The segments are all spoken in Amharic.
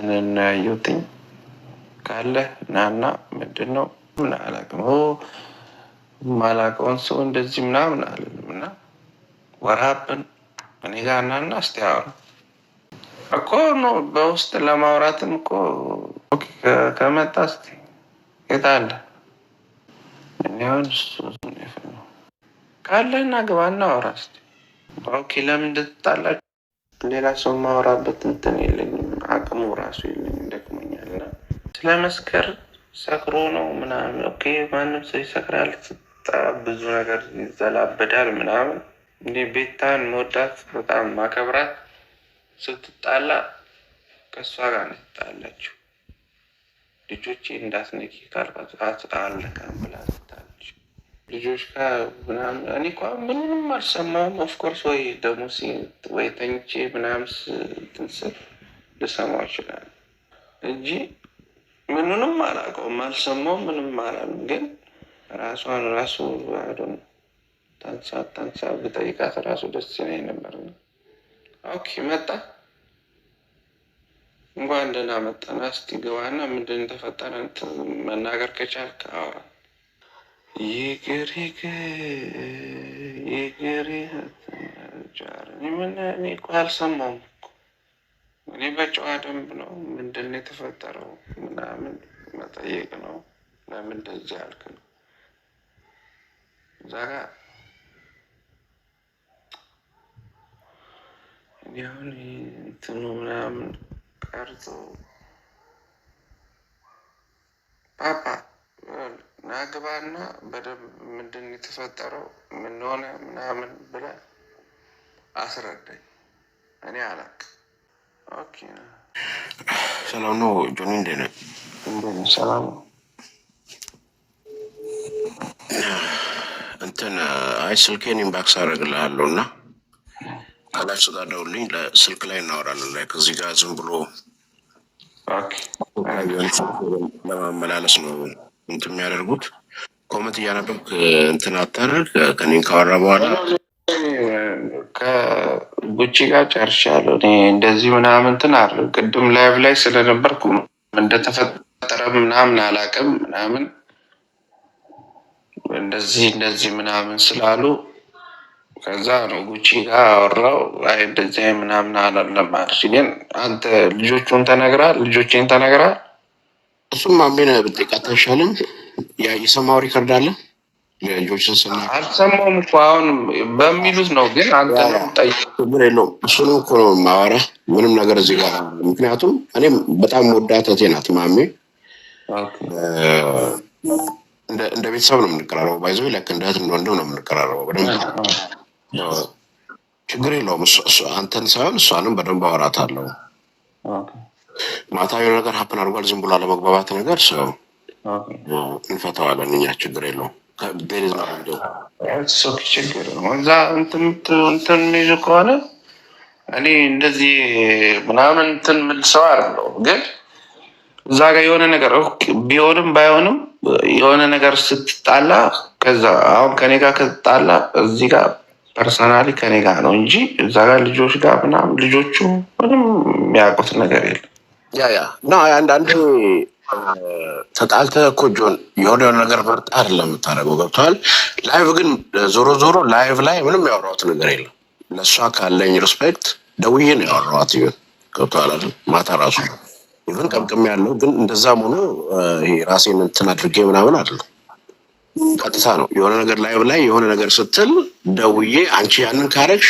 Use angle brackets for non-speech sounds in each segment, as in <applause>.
ራሳችንን እናያየውትኝ ካለ ናና ምንድን ነው ምን አላውቅም ማላውቀውን ሰው እንደዚህ ምናምን አለንም እና ወራብን እኔ ጋር ናና እስቲ አውራ እኮ ነው በውስጥ ለማውራትም እኮ ከመጣ እስቲ የት አለ እኔሁን ካለና ግባና አውራ እስቲ ኦኬ ለምን እንደተጣላችሁ ሌላ ሰው ማውራበት እንትን የለኝም አቅሙ ራሱ የለኝም፣ ደክሞኛል። እና ስለ መስከር ሰክሮ ነው ምናምን ኦኬ፣ ማንም ሰው ይሰክራል፣ ብዙ ነገር ይዘላበዳል ምናምን። እንዲ ቤታን መወዳት በጣም ማከብራት፣ ስትጣላ ከእሷ ጋር ነው ልጆቼ እንዳትነኪ ካልባት አልነካም ብላ ትጣለች። ልጆች ጋር ምናምን እኔ እኮ ምንም አልሰማም። ኦፍኮርስ ወይ ደግሞ ወይ ተኝቼ ምናምን ትንስል ልሰማው ይችላል እንጂ ምንንም አላውቀውም፣ አልሰማውም፣ ምንም አላልም። ግን ራሷን ራሱ ባዶን ታንሳ ታንሳ ብጠይቃት ራሱ ደስ ይለኝ ነበር። ኦኬ መጣ እንኳን ደህና መጣና እስቲ ግባና ምንድን ተፈጠረ መናገር ከቻልክ አውራ። ይግሪግ ይግሪ ምን እኔ እኮ አልሰማውም እኔ በጨዋ ደንብ ነው ምንድን ነው የተፈጠረው ምናምን መጠየቅ ነው። ለምን እንደዚህ ያልክ ነው እዛ ጋ አሁን እንትኑ ምናምን ቀርጾ ፓፓ ናግባና በደንብ ምንድን የተፈጠረው ምንሆነ ሆነ ምናምን ብለ አስረዳኝ። እኔ አላቅም ሰላም ነው ጆኒ? እንዴት ነህ? ሰላም ነው። እንትን አይ ስልኬን ኢንባክስ አደርግልሃለሁ እና ከላች ጋር ደውልኝ። ስልክ ላይ እናወራለን። ላይ ከዚህ ጋር ዝም ብሎ ለማመላለስ ነው እንትን የሚያደርጉት። ኮመንት እያነበብክ እንትን አታደርግ። ከኔን ካወራ በኋላ ጉቺ ጋር ጨርሻለሁ። እኔ እንደዚህ ምናምን እንትን አለ ቅድም ላይቭ ላይ ስለነበርኩ እንደተፈጠረ ምናምን አላውቅም ምናምን እንደዚህ እንደዚህ ምናምን ስላሉ ከዛ ነው ጉቺ ጋር አወራው። አይ እንደዚህ ምናምን አላለም አለች። ግን አንተ ልጆቹን ተነግራል፣ ልጆችን ተነግራል። እሱም አሜን ብጤቃት አይሻልም የሰማው ሪከርድ አለ የልጆችን አልሰማሁም እኮ አሁን በሚሉት ነው። ግን አንተ ችግር የለውም እኮ ነው ምንም ነገር እዚህ ጋር ምክንያቱም እኔም በጣም ወዳት እህቴ ናት ማሜ፣ እንደ ቤተሰብ ነው የምንቀራረበው። ባይዞ ልክ እንደ እህት ነው የምንቀራረበው በደንብ ችግር የለውም። አንተን ሳይሆን እሷንም በደንብ አወራታለሁ። ማታ የሆነ ነገር ሀፕን አድርጓል። ዝም ብሎ አለመግባባት ነገር ሰው እንፈተዋለን እኛ ችግር የለውም። ችግር ነው። እዛ እንትን ከሆነ እኔ እንደዚህ ምናምን እንትን ምል ሰው ግን እዛ ጋር የሆነ ነገር ቢሆንም ባይሆንም የሆነ ነገር ስትጣላ ከዛ አሁን ከኔ ጋር ከተጣላ እዚህ ጋር ፐርሰናሊ ከኔ ጋር ነው እንጂ እዛ ጋር ልጆች ጋር ምናምን ልጆቹ ምንም የሚያውቁት ነገር የለም። ያ ያ ተጣልተህ እኮ ጆን የሆነ የሆነ ነገር ፈርጠህ አይደለም የምታደርገው። ገብቶሃል። ላይቭ ግን ዞሮ ዞሮ ላይቭ ላይ ምንም ያወራሁት ነገር የለም። ለእሷ ካለኝ ሪስፔክት ደውዬ ነው ያወራኋት። ይሁን ገብቶሃል አይደል? ማታ ራሱ ይሁን ቀምቅም ያለው ግን እንደዛም ሆኖ ይሄ ራሴን እንትን አድርጌ ምናምን አለ ቀጥታ ነው የሆነ ነገር ላይቭ ላይ የሆነ ነገር ስትል ደውዬ አንቺ ያንን ካረግሽ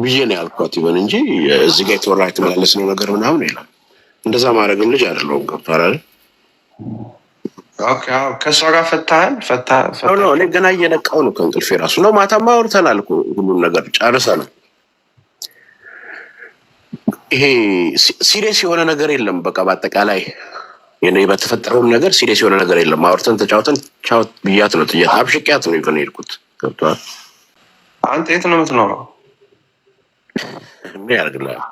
ብዬ ነው ያልኳት ይሁን እንጂ እዚህ ጋ የተወራ ነው ነገር ምናምን የለም። እንደዛ ማድረግም ልጅ አይደለሁም። ገብቶሃል አይደል? ከእሷ ጋር ፈታሃል? እኔ ገና እየነቃው ነው ከእንቅልፍ የራሱ ነው። ማታማ አውርተናል እኮ ሁሉም ነገር ነው። ይሄ ሲሬስ የሆነ ነገር የለም። በቃ በአጠቃላይ በተፈጠረውም ነገር ሲሬስ የሆነ ነገር የለም። አውርተን ተጫውተን ቻውት ብያት ነው ጥያት አብሽቅያት ነው ይሆን ሄድኩት። ገብቶሃል? አንተ የት ነው የምትኖረው? ምን ያደርግልሃል?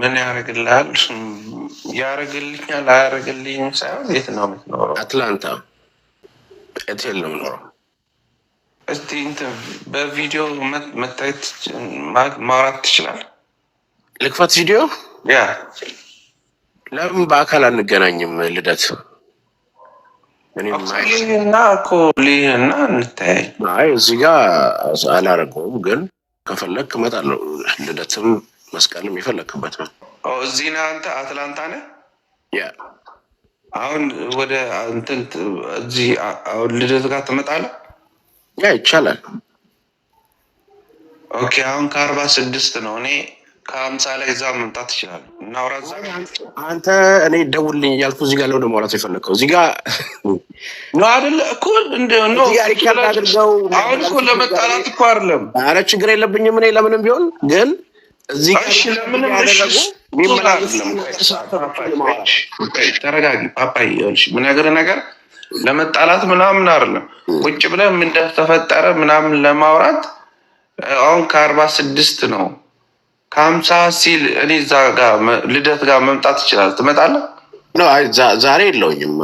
ምን ያደርግልሃል? ያደረግልኛል አያደረግልኝም ሳይሆን የት ነው የምትኖረው? አትላንታ ኤቴል ነው የምኖረው። እስቲ እንትን በቪዲዮ መታየት ማውራት ትችላል። ልክፈት ቪዲዮ። ያ ለምን በአካል አንገናኝም? ልደት እና እኮ እና እንታይ እዚህ ጋ አላረገውም፣ ግን ከፈለግ እመጣለሁ። ልደትም መስቀልም የፈለግክበት ነው እዚህ ነህ አንተ አትላንታ ነህ? አሁን ወደ እንትን እዚህ አሁን ልደት ጋር ትመጣለህ? ያ ይቻላል። ኦኬ አሁን ከአርባ ስድስት ነው እኔ ከአምሳ ላይ እዛ መምጣት ይችላል። እናውራ እዛ አንተ እኔ ደውልኝ እያልኩ እዚህ ጋር ለወደ ማውራት የፈለግከው እዚህ ጋር ነው አይደለ እኮ አድርገው። አሁን እኮ ለመጣላት እኮ አይደለም። አረ ችግር የለብኝም እኔ ለምንም ቢሆን ግን ተረጋጊ ነገር ለመጣላት ምናምን አይደለም። ቁጭ ብለ ምን እንደተፈጠረ ምናምን ለማውራት አሁን ከአርባ ስድስት ነው ከሀምሳ ሲል እኔ እዛ ጋር ልደት ጋር መምጣት ይችላል። ትመጣለ ዛሬ የለውኝም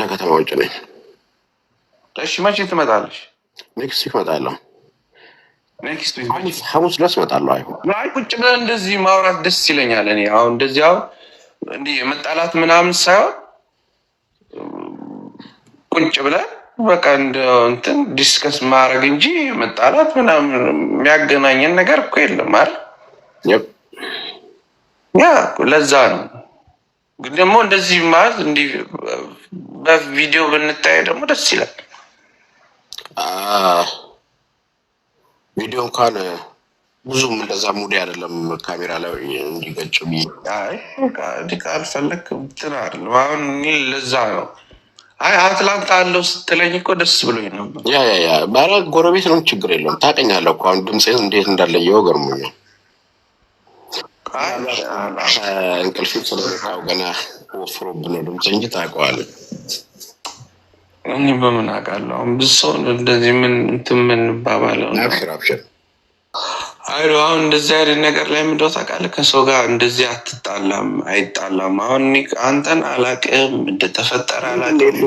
ከከተማ ውጭ ነኝ። እሺ መቼ ትመጣለሽ? ኔክስት ይመጣለሁ። ሐሙስ ድረስ እመጣለሁ። አይሆን አይ ቁጭ ብለን እንደዚህ ማውራት ደስ ይለኛል። እኔ አሁን እንደዚህ አሁን እንዲህ መጣላት ምናምን ሳይሆን ቁጭ ብለን በቃ እንደ እንትን ዲስከስ ማድረግ እንጂ መጣላት ምናምን የሚያገናኘን ነገር እኮ የለም አይደል? ያ ለዛ ነው። ግን ደግሞ እንደዚህ ማለት እንዲህ በቪዲዮ ብንታይ ደግሞ ደስ ይላል። ቪዲዮ እንኳን ብዙም እንደዛ ሙድ አይደለም ካሜራ ላይ እንዲገጭ ካልፈለግ አለ አሁን ለዛ ነው አይ አትላንታ አለው ስትለኝ እኮ ደስ ብሎኝ ነበር። ያ ያ ያ ባራ ጎረቤት ነው፣ ችግር የለውም። ታውቀኛለህ እኮ አሁን ድምፅ እንዴት እንዳለየው ገርሞኛል። እንቅልፍ ስለታው ገና ወፍሮብን ድምፅ እንጂ ታውቀዋለህ እኔ በምን አውቃለሁ? ብዙ ሰው እንደዚህ ምን እንትን ምን ባባለው አይ አሁን እንደዚህ አይነት ነገር ላይ ምንደው ነው ታውቃለህ፣ ከሰው ጋር እንደዚህ አትጣላም፣ አይጣላም። አሁን አንተን አላቅም፣ እንደተፈጠረ አላቅም፣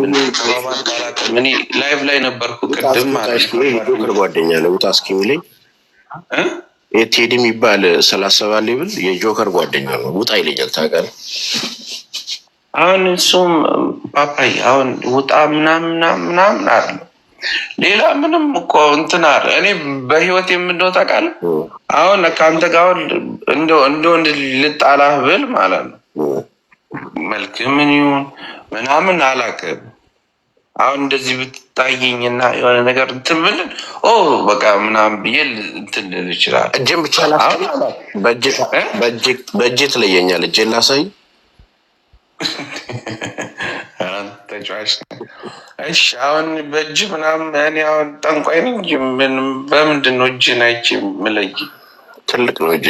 አላቅም። እኔ ላይቭ ላይ ነበርኩ ቅድም ማለት ጓደኛ ነው ለውጣ እስኪሚለኝ ቴዲ የሚባል ሰላሳ ሰባት ሌብል የጆከር ጓደኛ ነው። ውጣ ይለኛል ታውቃለህ አሁን እሱም ፓፓይ አሁን ውጣ ምናምና ምናምን አለ። ሌላ ምንም እኮ እንትን አለ። እኔ በህይወት የምንደው ታውቃለህ። አሁን ከአንተ ጋር አሁን እንደ ወንድ ልጣላህ ብል ማለት ነው መልክ ምን ይሁን ምናምን አላውቅም። አሁን እንደዚህ ብትታየኝ ብትታየኝና የሆነ ነገር እንትን ኦ በቃ ምናምን ብዬ እንትን ይችላል። እጅን ብቻ ላ በእጅ ትለየኛል። እጅን ላሳይ <laughs> ተጫዋች እሺ፣ አሁን በእጅ ምናምን እኔ አሁን ጠንቋይ ነው እንጂ በምንድን ነው እጅ ናይች ምለይ ትልቅ ነው እጅ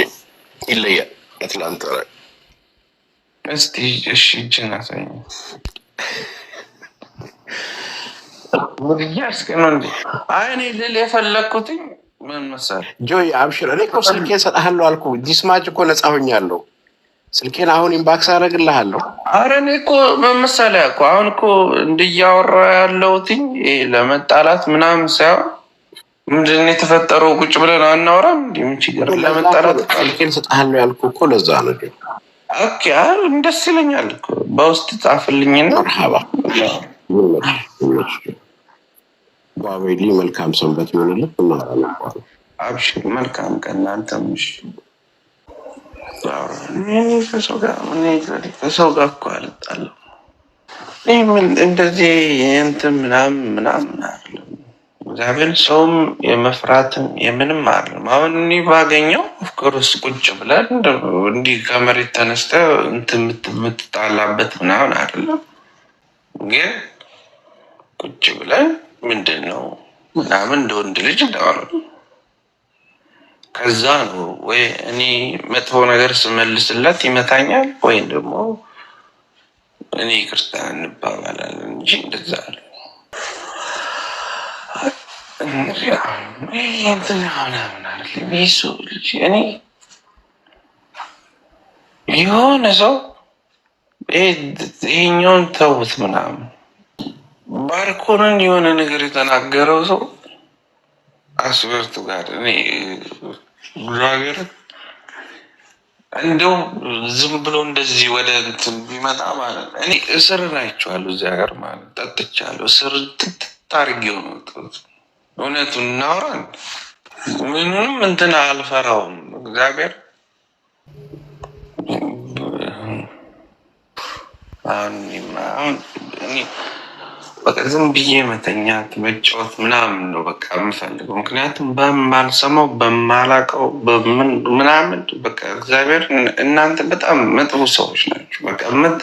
ይለያል። አትላንታ ላይ እስቲ እሺ፣ እጅ ናሳኝ ሙድያ እስከ ነው እንዲ አይኔ ልል የፈለግኩትኝ ምን መሰለህ ጆይ፣ አብሽር። እኔ እኮ ስልኬ እሰጥሃለሁ አልኩ። ዲስማች እኮ ነጻ ሆኛለሁ ስልኬን አሁን ኢንባክስ አደረግልሃለሁ። አረ እኔ እኮ መመሰለህ እኮ አሁን እኮ እንድያወራ ያለውትኝ ለመጣላት ምናምን ሳይሆን ምንድን ነው የተፈጠረው? ቁጭ ብለን አናወራም? ምን ችግር ለመጣላት ስልኬን እሰጥሃለሁ ያልኩ እኮ ለዛ ነው። ኦኬ ደስ ይለኛል። በውስጥ ጻፍልኝና ባቤሊ መልካም ሰንበት ይሆንልህ። አብሽር መልካም ቀን አንተም ከሰው ጋር ከሰው እኮ አልጣለም። እንደዚህ እንትን ምናምን ምናምን አይደለም። እግዚአብሔር ሰውም የመፍራትም የምንም አይደለም። አሁን እኔ ባገኘው ኦፍኮርስ ቁጭ ብለን እንዲህ ከመሬት ተነስተ የምትጣላበት ምናምን አይደለም። ግን ቁጭ ብለን ምንድን ነው ምናምን እንደ ወንድ ልጅ እንደዋለ ከዛ ነው ወይ እኔ መጥፎ ነገር ስመልስላት ይመታኛል ወይም ደግሞ እኔ ክርስቲያን እንባባላለን እንጂ እንደዛ አለ እኔ የሆነ ሰው ይሄኛውን ተውት ምናምን ባርኮንን የሆነ ነገር የተናገረው ሰው አስበርቱ ጋር እኔ እግዚአብሔር እንዲሁም ዝም ብሎ እንደዚህ ወደ እንትን ቢመጣ ማለት እኔ እስር ናቸዋሉ እዚህ ሀገር ማለት ጠጥቻለሁ። እስር ትታርጊ ሆነ እውነቱ እናውራን ምንም እንትን አልፈራውም። እግዚአብሔር አሁን እኔ በቃ ዝም ብዬ መተኛት መጫወት ምናምን ነው በቃ የምፈልገው። ምክንያቱም በማልሰማው በማላቀው ምናምን በቃ እግዚአብሔር እናንተ በጣም መጥፎ ሰዎች ናቸው። በቃ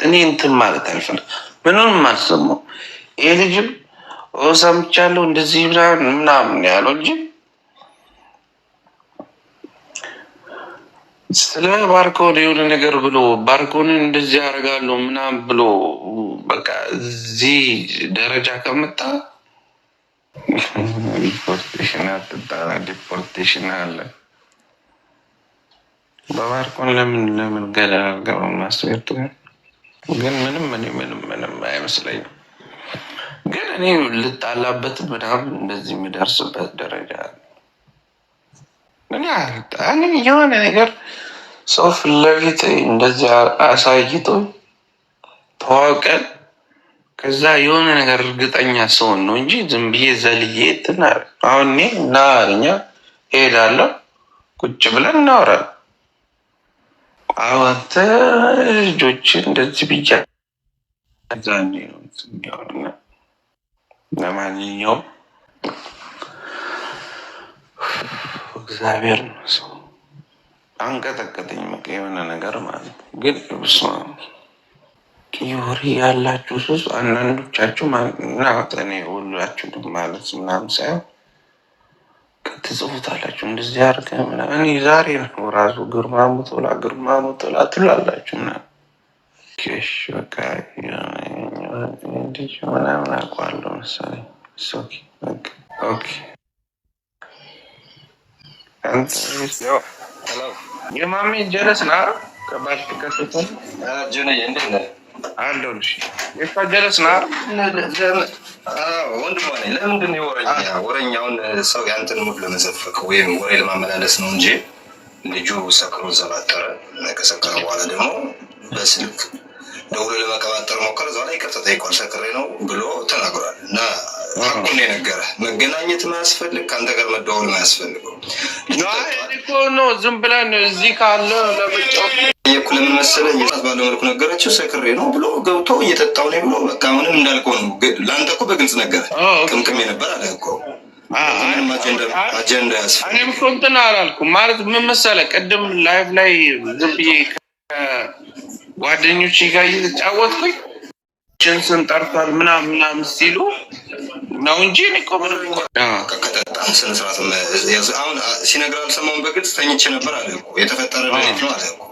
እኔ እንትን ማለት አልፈልግም። ምንም አልሰማው ይህ ልጅም ሰምቻለሁ እንደዚህ ምናምን ምናምን ያለው ልጅም ስለ ባርኮን የሆነ ነገር ብሎ ባርኮንን እንደዚህ ያደርጋለሁ ምናምን ብሎ በቃ እዚህ ደረጃ ከመጣ ዲፖርቴሽን አትጣ ዲፖርቴሽን አለ። በባርኮን ለምን ለምን ገለ አርገው ግን ምንም ምንም ምንም ምንም አይመስለኝም። ግን እኔ ልጣላበት ምናምን እንደዚህ የሚደርስበት ደረጃ የሆነ ነገር ሰው ፊት ለፊት እንደዚህ አሳይቶ ተዋውቀን ከዛ የሆነ ነገር እርግጠኛ ሰውን ነው እንጂ ዝም ብዬ ዘልዬ እንትን አሁን እኔ ና እሄዳለሁ፣ ቁጭ ብለን እናወራለን። አንተ ልጆች እንደዚህ ብያ ዛኔ ነው ለማንኛውም እግዚአብሔር ነው ሰው አንቀጠቀጠኝ። በቃ የሆነ ነገር ማለት ግን ብስ ቲዮሪ ያላችሁ ሱስ አንዳንዶቻችሁ ናት ሁላችሁ ማለት ምናምን ሳይሆን ትጽፉታላችሁ እንደዚህ አርገ እኔ ዛሬ ነው ራሱ ግርማ ሙቶላ ግርማ ሙቶላ ትላላችሁ ምናምን ኬሽ በቃ ምናምን አውቀዋለሁ መሰለኝ። ኦኬ የማሜ ጀለስ ና ከባድ ከሰትን አለሁልሽ። የእሷ ጀለስ ና ወንድሟ ነኝ። ለምንድን ነው ወረኛ ወረኛውን ሰው ያንተን ሙድ ለመዘፈቅ ወይም ወሬ ለማመላለስ ነው እንጂ ልጁ ሰክሮ ዘባጠረ። ከሰከረ በኋላ ደግሞ በስልክ ደውሎ ለመቀባጠር ሞከረ። እዛው ላይ ይቅርታ ጠይቋል። ሰክሬ ነው ብሎ ተናግሯል። እና ሀቁን የነገረ መገናኘት ማያስፈልግ ከአንተ ጋር መደዋወል ማያስፈልገው ነው። ዝም ብለን እዚህ ካለ ለመጫወት የኩል መሰለ መሰለህ ባለ መልኩ ነገረችው። ሰክሬ ነው ብሎ ገብቶ እየጠጣው ነው ብሎ በቃ አሁንም እንዳልከው ነው። ለአንተ እኮ በግልጽ ነገረ ቅምቅም ነበር አለ እኮ አጀንዳ ያስፈልግ። እኔም እኮ እንትን አላልኩም ማለት ምን መሰለ ቅድም ላይፍ ላይ ዝም ብዬ ጓደኞች ጋር እየተጫወትኩኝ ችንስን ጠርቷል ምናም ምናም ሲሉ ነው እንጂ ከጠጣ ስነ ስርዓት አሁን ሲነግር አልሰማሁም። በግልጽ ተኝቼ ነበር አለ እኮ የተፈጠረ ሌሊት ነው አለ እኮ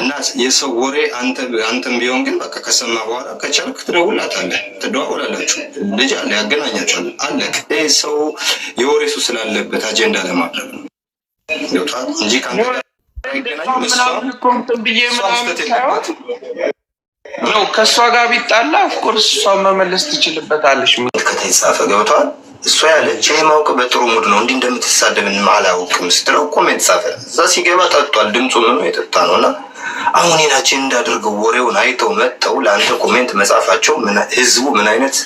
እና የሰው ወሬ አንተም ቢሆን ግን በቃ ከሰማ በኋላ ከቻልክ ትደውላታለህ፣ ትደዋወላላችሁ፣ ልጅ አለ ያገናኛችኋል። አለ ሰው የወሬ ሱስ ስላለበት አጀንዳ ለማድረግ ነው ገብቷል እንጂ ከአንተ ነው ከእሷ ጋር ቢጣላ ኦፍኮርስ እሷ መመለስ ትችልበታለች። ከተጻፈ ገብቷል። እሷ ያለች ይህ ማውቅ በጥሩ ሙድ ነው እንዲህ እንደምትሳደብን አላውቅም ስትለው እኮ የተጻፈ እዛ ሲገባ ጠጥቷል። ድምፁ ምኑ የጠጣ ነው እና አሁን ናችን እንዳደርገው ወሬውን አይተው መጥተው ለአንተ ኮሜንት መጻፋቸው ህዝቡ ምን አይነት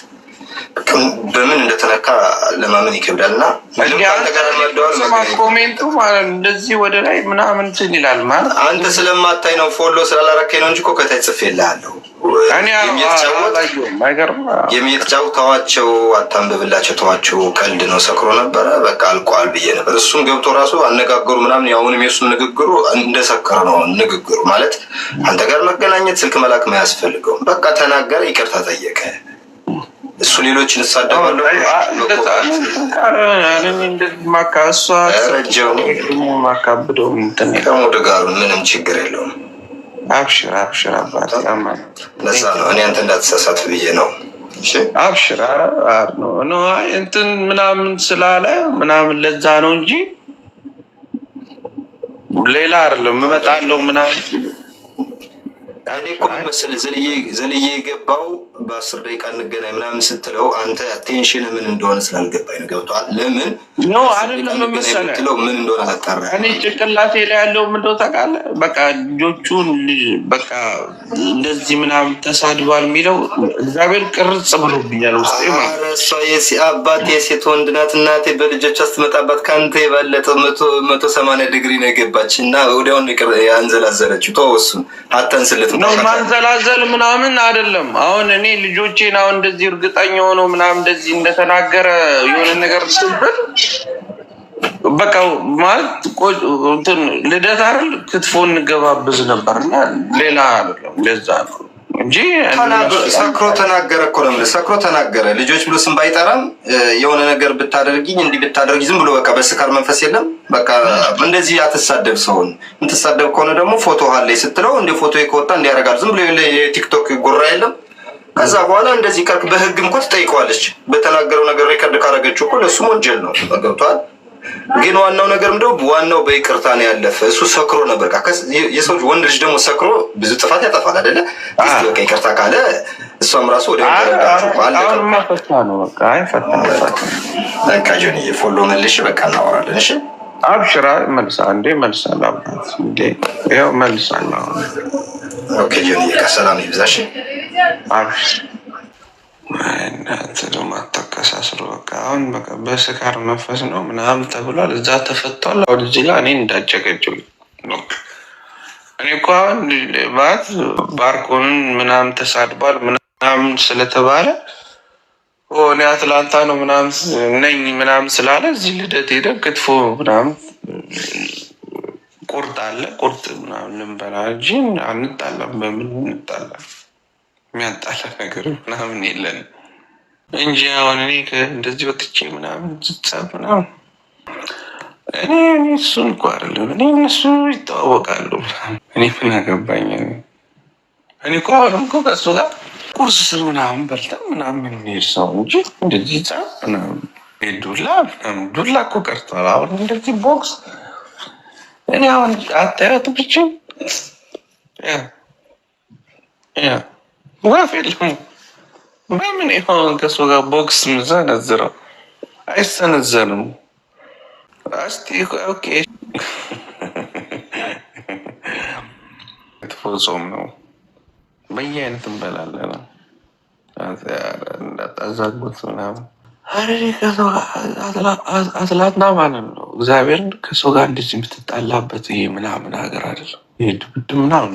በምን እንደተነካ ለማመን ይከብዳል። እና ኮሜንቱ እንደዚህ ወደ ላይ ምናምን እንትን ይላል። ማለት አንተ ስለማታይ ነው ፎሎ ስላላረከኝ ነው እንጂ እኮ ከታች ጽፌልሃለሁ። ተዋቸው፣ አታንብብላቸው፣ ተዋቸው፣ ቀልድ ነው፣ ሰክሮ ነበረ፣ በቃ አልቋል ብዬ ነበር። እሱም ገብቶ ራሱ አነጋገሩ ምናምን፣ አሁንም የሱም ንግግሩ እንደሰከረ ነው ንግግሩ። ማለት አንተ ጋር መገናኘት ስልክ መላክ ማያስፈልገውም። በቃ ተናገረ፣ ይቅርታ ጠየቀ። እሱ ሌሎች ልሳደባለሁ ከሙድ ምንም ችግር የለውም። አብሽር አብሽር አባት ለዛ ነው እኔ አንተ እንዳትሳሳት ብዬ ነው። አብሽር እንትን ምናምን ስላለ ምናምን ለዛ ነው እንጂ ሌላ አይደለም እመጣለሁ ምናምን እኔ እኮ ምን ዘልዬ የገባው በአስር ደቂቃ እንገናኝ ምናምን ስትለው አንተ አቴንሽን ምን እንደሆነ ስላልገባኝ ነው። ገብቶሃል? ለምን አይደለም መሰለህ ምን እንደሆነ አላጣራም። እኔ ጭንቅላቴ ላይ ያለው ምን እንደሆነ ታውቃለህ? በቃ ልጆቹን በቃ እንደዚህ ምናምን ተሳድቧል የሚለው እግዚአብሔር ቅርጽ ብሎብኛል ውስጤ ማለት እሷ አባት የሴት ወንድ ናት እናቴ በልጆቿ ስትመጣባት ከአንተ የበለጠ መቶ ሰማንያ ዲግሪ ነው የገባች እና ወዲያውኑ አንዘላዘለችው። ተወው እሱን ነው ማንዘላዘል ምናምን አይደለም። አሁን እኔ ልጆቼን አሁን እንደዚህ እርግጠኛ ሆነው ምናምን እንደዚህ እንደተናገረ የሆነ ነገር ስብል በቃ ማለት ልደት አይደል ክትፎ እንገባብዝ ነበር እና ሌላ አይደለም። ለዛ ነው እንጂ ሰክሮ ተናገረ እኮ ነው። ሰክሮ ተናገረ ልጆች ብሎ ስም ባይጠራም የሆነ ነገር ብታደርጊኝ እንዲህ ብታደርጊ ዝም ብሎ በቃ በስካር መንፈስ የለም በቃ እንደዚህ አትሳደብ። ሰውን የምትሳደብ ከሆነ ደግሞ ፎቶ ላይ ስትለው እንደ ፎቶ ከወጣ እንዲያደርጋሉ ዝም ብሎ የቲክቶክ ጉራ የለም። ከዛ በኋላ እንደዚህ ቀርክ በህግም እኮ ትጠይቀዋለች። በተናገረው ነገር ሪከርድ ካረገችው እኮ ለእሱም ወንጀል ነው። ገብቶሃል? ግን ዋናው ነገር ምንድነው? ዋናው በይቅርታ ነው ያለፈ። እሱ ሰክሮ ነበር። የሰው ልጅ ወንድ ልጅ ደግሞ ሰክሮ ብዙ ጥፋት ያጠፋል አይደለ? በቃ ይቅርታ ካለ እሷም ራሱ ወደ ፎሎ መልሽ። በቃ እናወራለን። እሺ አብሽራ መልሳ እንዴ መልሳ ላብናት እንዴ መልሳ ላ ኦኬ ጆኒ ሰላም ይብዛሽ። አብሽር እናንተ ደግሞ አታቀሳስሩ። በቃ አሁን በቃ በስካር መንፈስ ነው ምናምን ተብሏል። እዛ ተፈቷል። አሁን እዚህ ጋር እኔ እንዳጨቀጭም እኔ እኮ አሁን ማለት ባርኮንን ምናምን ተሳድቧል ምናምን ስለተባለ እኔ አትላንታ ነው ምናምን ነኝ ምናምን ስላለ እዚህ ልደት ሄደ ክትፎ ምናምን ቁርጥ አለ ቁርጥ ምናምን ልንበላ እንጂ አንጣላም። በምን እንጣላለን? የሚያጣላ ነገር ምናምን የለን እንጂ አሁን እኔ እንደዚህ ወጥቼ ምናምን ስትሳብ ምናምን እኔ እኔ እሱን እኮ አይደለም እኔ እነሱ ይተዋወቃሉ። እኔ ምን አገባኝ? እኔ እኮ አሁንም እኮ ከሱ ጋር ቁርስ ስር ምናምን በልተን ምናምን የምንሄድ ሰው እንጂ እንደዚህ ጻ ምናምን ዱላ ምናምን ዱላ እኮ ቀርቷል። አሁን እንደዚህ ቦክስ እኔ አሁን አታያት ብቻ ወፍ የለም። በምን ይሆን ከሱ ጋር ቦክስ ምዘነዝረው? አይሰነዘርም። እስቲ ኦኬ ክትፎ ጾም ነው። በየአይነት እንበላለን። እንዳጣዛጉት ምናምን አትላትና ማለት ነው። እግዚአብሔርን ከሰው ጋር እንደዚህ የምትጣላበት ይሄ ምናምን ሀገር አይደለም። ይሄ ድብድብ ምናምን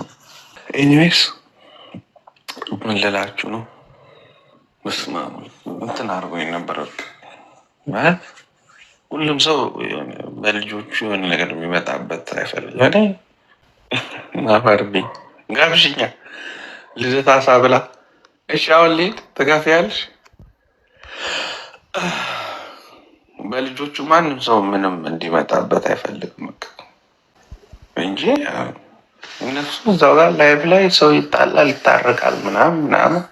ነው። ኤኒዌይስ ምን ልላችሁ ነው? በስመ አብ እንትን አድርጎኝ ነበረ። ሁሉም ሰው በልጆቹ የሆነ ነገር የሚመጣበት አይፈልግም። ማፈርብኝ ጋብሽኛ ልደት አሳ ብላ እሺ፣ አሁን ልሂድ ትከፍያለሽ። በልጆቹ ማንም ሰው ምንም እንዲመጣበት አይፈልግም እንጂ እነሱ እዛው ጋር ላይቭ ላይ ሰው ይጣላል፣ ይታረቃል፣ ምናምን ምናምን።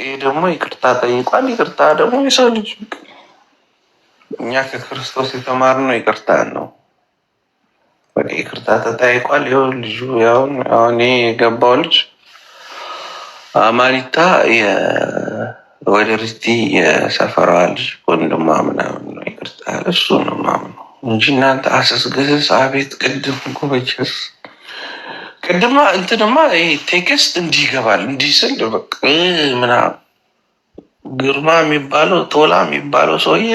ይህ ደግሞ ይቅርታ ጠይቋል። ይቅርታ ደግሞ የሰው ልጅ እኛ ከክርስቶስ የተማርነው ይቅርታ ነው። በቃ ይቅርታ ተጠይቋል። ይኸው ልጁ ያሁን ሁን የገባው ልጅ አማኒታ ወደ ርስቲ የሰፈራዋ ልጅ ወንድሟ ምናምን ነው ይቅርታ እሱ ነው ማምን እንጂ እናንተ አሰስገሰስ አቤት! ቅድም ጎበችስ ቅድማ እንትንማ ይሄ ቴክስት እንዲህ ይገባል እንዲህ ስል ምናምን ግርማ የሚባለው ቶላ የሚባለው ሰውዬ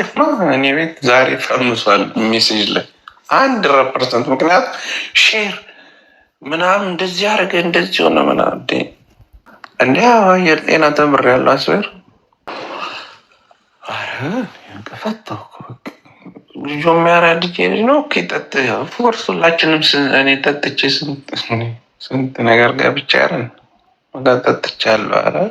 እኔ ቤት ዛሬ ፈምሷል። ሜሴጅ ላይ አንድ ረፐርሰንት ምክንያት ሼር ምናምን እንደዚህ አድርገ እንደዚህ ሆነ ምናምን እንዲ አየር ጤና ያለው አስበር አረ ፈታሁ በቃ ልጆ የሚያራ ልጅ ልጅ ነው። ጠጥ ፎርስ ሁላችንም እኔ ጠጥቼ ስንት ነገር ጋር ብቻ ያረን ጠጥቻለሁ።